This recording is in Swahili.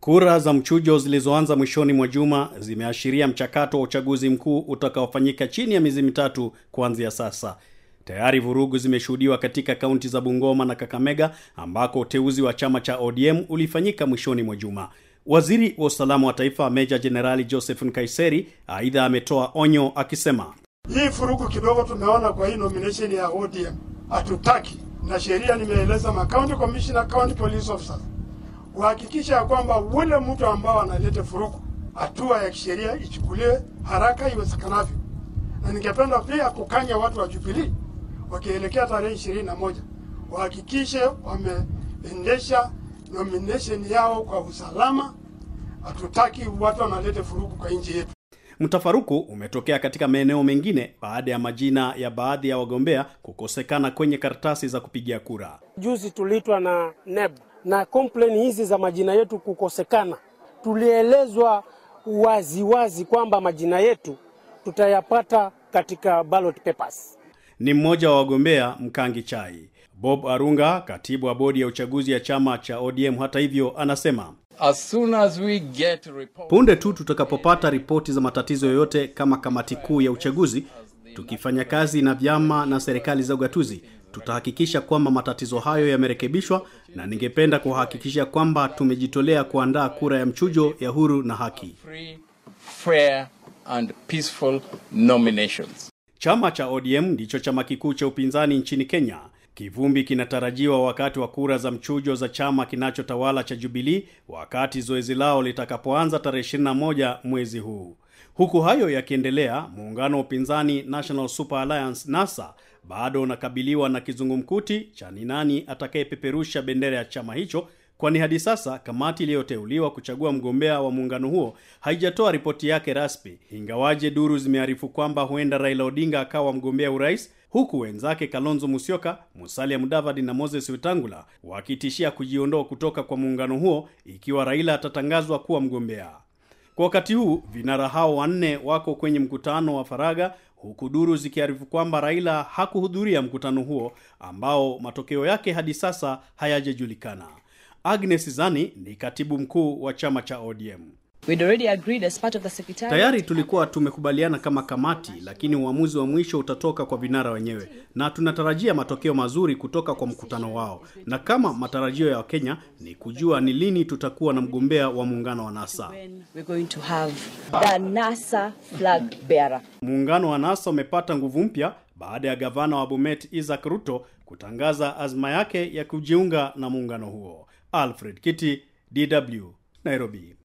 Kura za mchujo zilizoanza mwishoni mwa juma zimeashiria mchakato wa uchaguzi mkuu utakaofanyika chini ya miezi mitatu kuanzia sasa. Tayari vurugu zimeshuhudiwa katika kaunti za Bungoma na Kakamega ambako uteuzi wa chama cha ODM ulifanyika mwishoni mwa juma. Waziri wa usalama wa taifa Meja Jenerali Joseph Nkaiseri aidha ametoa onyo akisema, hii furugu kidogo tumeona kwa hii nomination ya ODM hatutaki, na sheria nimeeleza makaunti commissioner, county police officers kuhakikisha ya kwamba wale mtu ambao analeta furuku hatua ya kisheria ichukuliwe haraka iwezekanavyo, na ningependa pia kukanya watu wa Jubilee wakielekea tarehe ishirini na moja wahakikishe wameendesha nomination yao kwa usalama. Hatutaki watu wanalete furuku kwa nchi yetu. Mtafaruku umetokea katika maeneo mengine baada ya majina ya baadhi ya wagombea kukosekana kwenye karatasi za kupigia kura. Juzi tuliitwa na NEB na kompleni hizi za majina yetu kukosekana. Tulielezwa waziwazi wazi kwamba majina yetu tutayapata katika ballot papers. Ni mmoja wa wagombea Mkangi Chai. Bob Arunga, katibu wa bodi ya uchaguzi ya chama cha ODM, hata hivyo, anasema as soon as we get report... punde tu tutakapopata ripoti za matatizo yoyote kama kamati kuu ya uchaguzi, tukifanya kazi na vyama na serikali za ugatuzi Tutahakikisha kwamba matatizo hayo yamerekebishwa, na ningependa kuhakikisha kwamba tumejitolea kuandaa kura ya mchujo ya huru na haki. Chama cha ODM ndicho chama kikuu cha upinzani nchini Kenya. Kivumbi kinatarajiwa wakati wa kura za mchujo za chama kinachotawala cha Jubilee wakati zoezi lao litakapoanza tarehe 21 mwezi huu. Huku hayo yakiendelea, muungano wa upinzani National Super Alliance NASA bado unakabiliwa na kizungumkuti cha ni nani atakayepeperusha bendera ya chama hicho kwani hadi sasa kamati iliyoteuliwa kuchagua mgombea wa muungano huo haijatoa ripoti yake rasmi, ingawaje duru zimearifu kwamba huenda Raila Odinga akawa mgombea urais, huku wenzake Kalonzo Musyoka, Musalia Mudavadi na Moses Wetangula wakitishia kujiondoa kutoka kwa muungano huo ikiwa Raila atatangazwa kuwa mgombea. Kwa wakati huu vinara hao wanne wako kwenye mkutano wa faraga huku duru zikiarifu kwamba Raila hakuhudhuria mkutano huo ambao matokeo yake hadi sasa hayajajulikana. Agnes Zani ni katibu mkuu wa chama cha ODM. Tayari tulikuwa tumekubaliana kama kamati, lakini uamuzi wa mwisho utatoka kwa vinara wenyewe, na tunatarajia matokeo mazuri kutoka kwa mkutano wao, na kama matarajio ya Wakenya ni kujua ni lini tutakuwa na mgombea wa muungano wa NASA. Muungano wa NASA umepata nguvu mpya baada ya gavana wa Bomet Isaac Ruto kutangaza azma yake ya kujiunga na muungano huo. Alfred Kiti, DW, Nairobi.